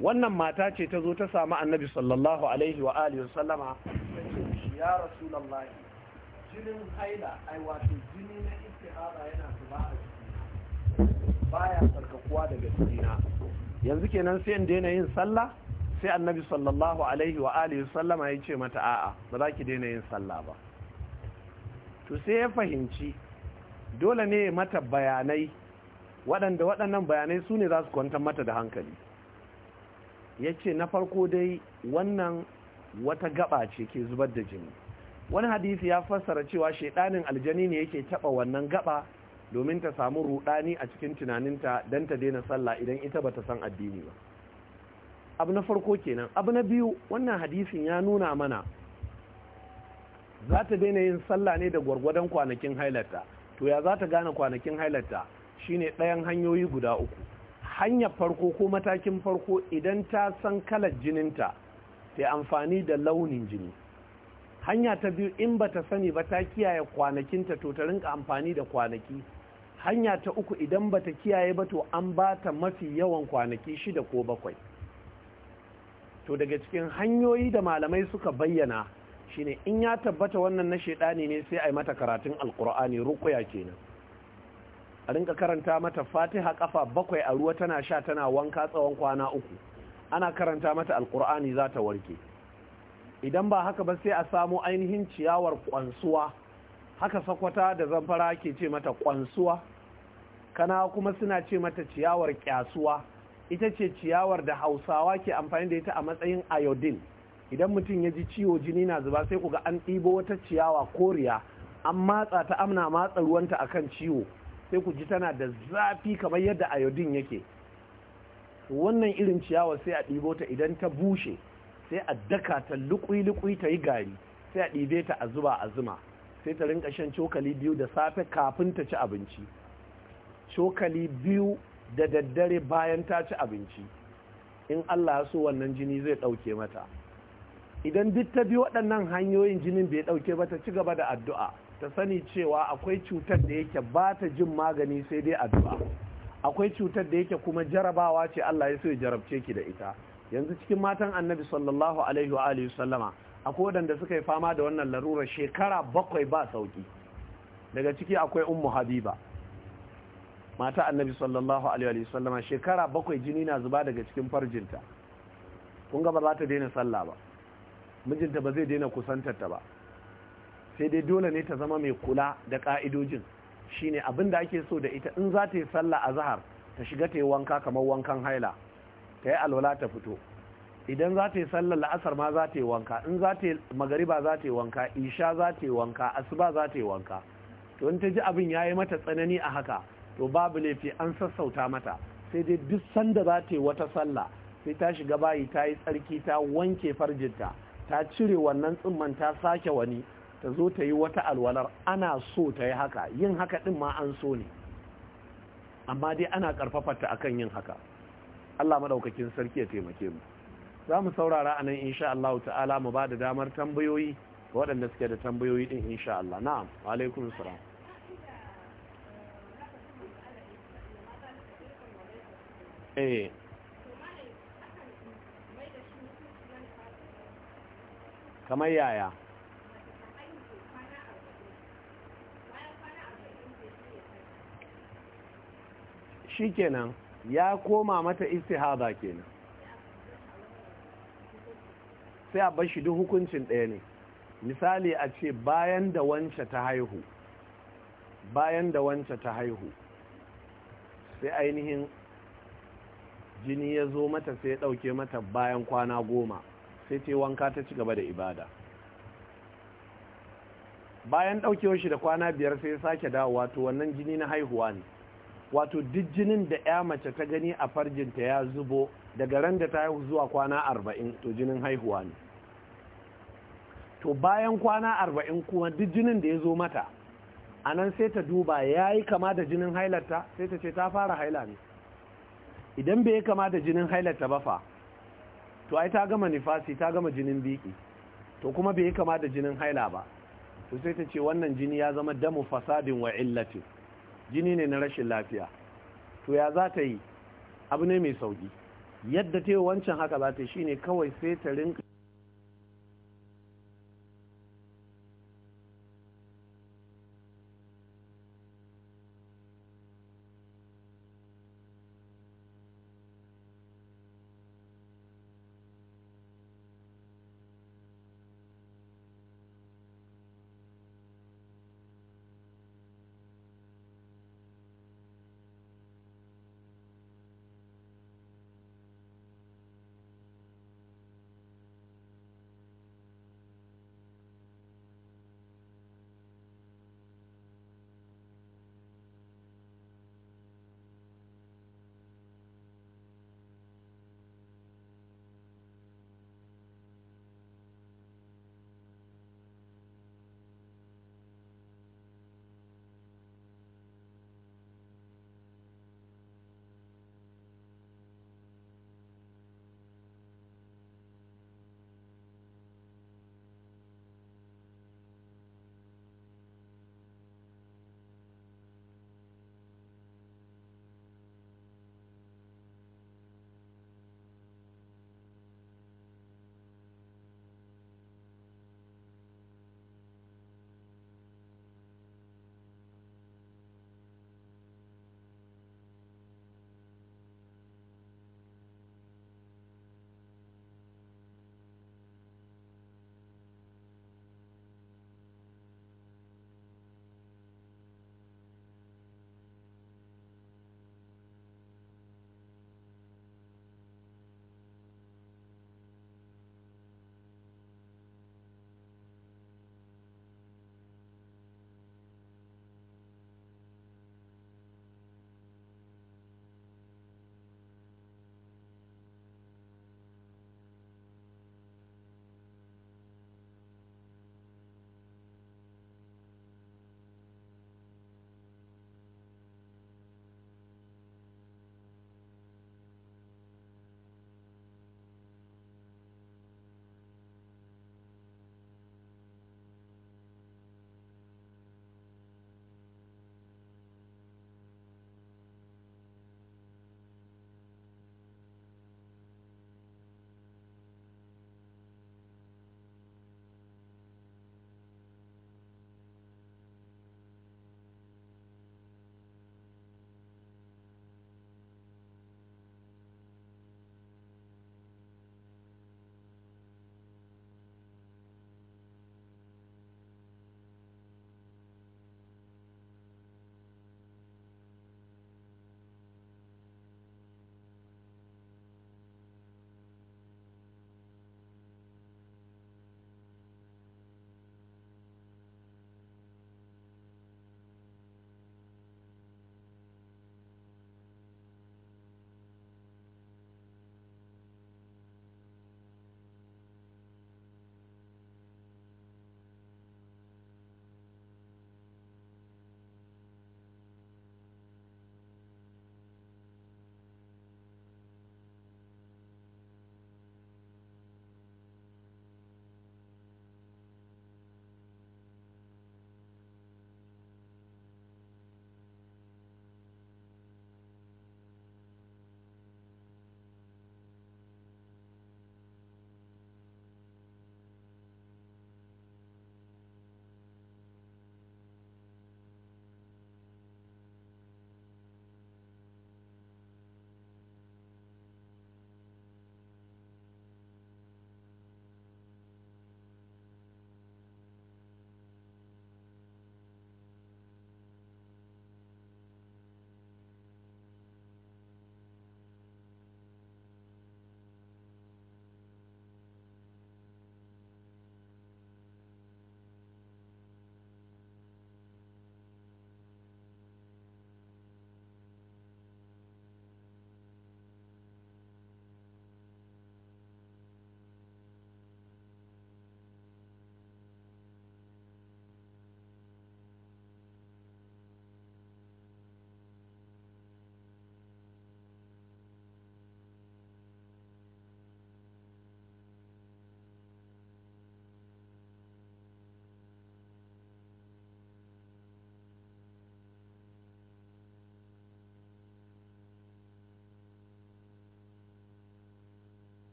wannan mata ce ta zo ta samu annabi sallallahu alaihi wa sallama, wa sallama ya rasu rasulullahi jinin haila ai jini na hada yana zuba a jiki baya sarkakuwa daga jikina yanzu kenan sai in daina yin sallah sai annabi sallallahu alaihi wa alihi wa sallama ya ce mata a'a ba za ki daina yin sallah ba to sai ya fahimci dole ne mata bayanai waɗanda waɗannan bayanai su ne za su kwantar mata da hankali ya ce na farko dai wannan wata gaba ce ke zubar da jini wani hadisi ya fassara cewa shaidanin aljani ne yake taba wannan gaba domin ta samu rudani a cikin tunaninta don ta daina sallah idan ita bata san addini ba abu na farko kenan abu na biyu wannan hadisin ya nuna mana za ta daina yin sallah ne da gwargwadon kwanakin hailarta to ya za ta gane kwanakin hailarta shine ɗayan hanyoyi guda uku hanyar farko ko matakin farko idan ta san kalar jininta ta amfani da launin jini hanya ta biyu in ba ta sani ba ta kiyaye kwanakinta to ta rinka amfani da kwanaki hanya ta uku idan ba ta kiyaye ba to an ba ta mafi yawan kwanaki shida ko bakwai to daga cikin hanyoyi da malamai suka bayyana shine in ya tabbata wannan na shaidani ne sai a yi mata karatun alkur'ani rukuya kenan a rinka karanta mata fatiha kafa bakwai a ruwa tana sha tana wanka tsawon kwana uku ana karanta mata alkur'ani za ta warke idan ba haka ba sai a samu ainihin ciyawar kwansuwa haka sakwata da zamfara ke ce mata kwansuwa kana kuma suna ce mata ciyawar kyasuwa ita ce ciyawar da hausawa ke amfani da ita a matsayin iodine idan mutum ya ji ciwo jini na zuba sai ku ga an ɗibo wata ciyawa koriya an matsa ta amna matsa ruwanta akan ciwo sai ku ji tana da zafi kamar yadda ayodin yake wannan irin ciyawa sai a ɗibo ta idan ta bushe sai a daka ta lukui-lukui ta yi gari sai a ɗibe ta a zuba a zuma sai ta rinka shan cokali biyu da safe kafin ta ci abinci cokali biyu da daddare bayan ta ci abinci in Allah so wannan jini zai ɗauke mata idan duk ta bi waɗannan hanyoyin jinin bai ɗauke ba ta ci gaba da addu'a ta sani cewa akwai cutar da yake ba ta jin magani sai dai addu'a akwai cutar da yake kuma jarabawa ce Allah ya so ya jarabce ki da ita yanzu cikin matan annabi sallallahu alaihi wa alihi sallama akwai wadanda suka yi fama da wannan larurar shekara bakwai ba sauki daga ciki akwai ummu habiba mata annabi sallallahu alaihi wa sallama shekara bakwai jini na zuba daga cikin farjinta kun ga ba za ta daina sallah ba mijinta ba zai daina kusantar ta ba sai dai dole ne ta zama mai kula da ka'idojin shine abin da ake so da ita in za ta yi sallah a zahar ta shiga ta yi wanka kamar wankan haila ta yi alwala ta fito idan za ta yi sallar la'asar ma za ta yi wanka in za ta yi magariba za ta yi wanka isha za ta yi wanka asuba za ta yi wanka to in ta ji abin ya yi mata tsanani a haka to babu laifi an sassauta mata sai dai duk sanda za ta yi wata sallah sai ta shiga bayi ta yi tsarki ta wanke farjinta ta cire wannan tsimman ta sake wani ta zo ta yi wata alwalar ana so ta yi haka yin haka ɗin ma an so ne amma dai ana ƙarfafarta akan yin haka Allah madaukakin sarki ya taimake mu za mu saurara a nan insha Allah ta'ala mu ba da damar tambayoyi waɗanda suke da tambayoyi ɗin insha Allah na'am wa alaikum salam eh kamar yaya shi kenan ya koma mata istihada kenan sai a bashi duk hukuncin ɗaya ne misali a ce bayan da wance ta haihu bayan da wance ta haihu sai ainihin jini ya zo mata sai ya ɗauke mata bayan kwana goma sai ce wanka ta ci gaba da ibada bayan ɗaukewar shi da kwana biyar sai ya sake dawowa to wannan jini na haihuwa ne wato duk jinin da ya mace ta gani a farjinta ya zubo daga ran da ta yi zuwa kwana arba'in to jinin haihuwa ne to bayan kwana arba'in kuma duk da ya zo mata a nan sai ta duba ya yi kama da jinin hailarta sai ta ce ta fara haila ne idan bai yi kama da jinin hailarta ba fa to ai ta gama nifasi ta gama jinin biki to kuma bai yi kama da jinin haila ba to sai ta ce wannan jini ya zama damu fasadin wa illatin jini ne na rashin lafiya to ya za ta yi abu ne mai sauki yadda ta yi wancan haka za ta yi ne kawai sai ta rinka